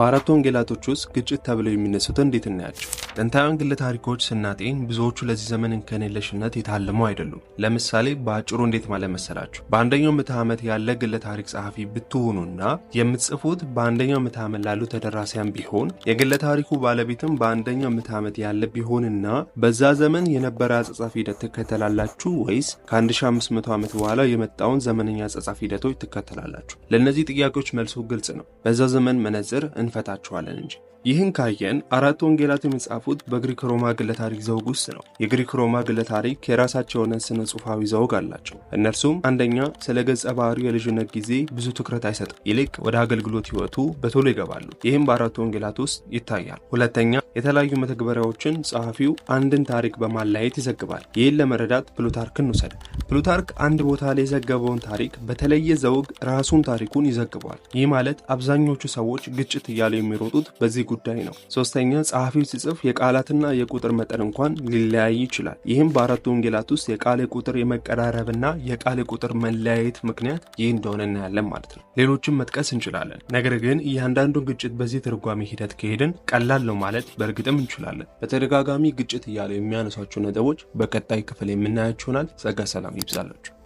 በአራት ወንጌላቶች ውስጥ ግጭት ተብለው የሚነሱት እንዴት እናያቸው? ጥንታውያን ግለ ታሪኮች ስናጤን ብዙዎቹ ለዚህ ዘመን እንከኔለሽነት የታለሙ አይደሉም። ለምሳሌ በአጭሩ እንዴት ማለት መሰላችሁ? በአንደኛው ምዕተ ዓመት ያለ ግለ ታሪክ ጸሐፊ ብትሆኑና የምትጽፉት በአንደኛው ምዕተ ዓመት ላሉ ተደራሲያን ቢሆን የግለ ታሪኩ ባለቤትም በአንደኛው ምዕተ ዓመት ያለ ቢሆንና በዛ ዘመን የነበረ አጻጻፍ ሂደት ትከተላላችሁ ወይስ ከ1500 ዓመት በኋላ የመጣውን ዘመነኛ አጻጻፍ ሂደቶች ትከተላላችሁ? ለእነዚህ ጥያቄዎች መልሱ ግልጽ ነው። በዛ ዘመን መነጽር እንፈታችኋለን እንጂ ይህን ካየን አራት ወንጌላት የሚጻፉት በግሪክ ሮማ ግለ ታሪክ ዘውግ ውስጥ ነው። የግሪክ ሮማ ግለ ታሪክ የራሳቸው የሆነ ስነ ጽሑፋዊ ዘውግ አላቸው። እነርሱም አንደኛ፣ ስለ ገጸ ባህሪው የልጅነት ጊዜ ብዙ ትኩረት አይሰጥም፣ ይልቅ ወደ አገልግሎት ህይወቱ በቶሎ ይገባሉ። ይህም በአራት ወንጌላት ውስጥ ይታያል። ሁለተኛ፣ የተለያዩ መተግበሪያዎችን ጸሐፊው አንድን ታሪክ በማለያየት ይዘግባል። ይህን ለመረዳት ፕሉታርክን እንውሰድ። ፕሉታርክ አንድ ቦታ ላይ የዘገበውን ታሪክ በተለየ ዘውግ ራሱን ታሪኩን ይዘግቧል። ይህ ማለት አብዛኞቹ ሰዎች ግጭት እያሉ የሚሮጡት በዚህ ጉዳይ ነው። ሶስተኛ ጸሐፊው ሲጽፍ የቃላትና የቁጥር መጠን እንኳን ሊለያይ ይችላል። ይህም በአራቱ ወንጌላት ውስጥ የቃል ቁጥር የመቀራረብና የቃል ቁጥር መለያየት ምክንያት ይህ እንደሆነ እናያለን ማለት ነው። ሌሎችም መጥቀስ እንችላለን። ነገር ግን እያንዳንዱን ግጭት በዚህ ትርጓሜ ሂደት ከሄድን ቀላል ነው ማለት በእርግጥም እንችላለን። በተደጋጋሚ ግጭት እያለ የሚያነሷቸው ነጥቦች በቀጣይ ክፍል የምናያቸው ይሆናል። ጸጋ ሰላም ይብዛላችሁ።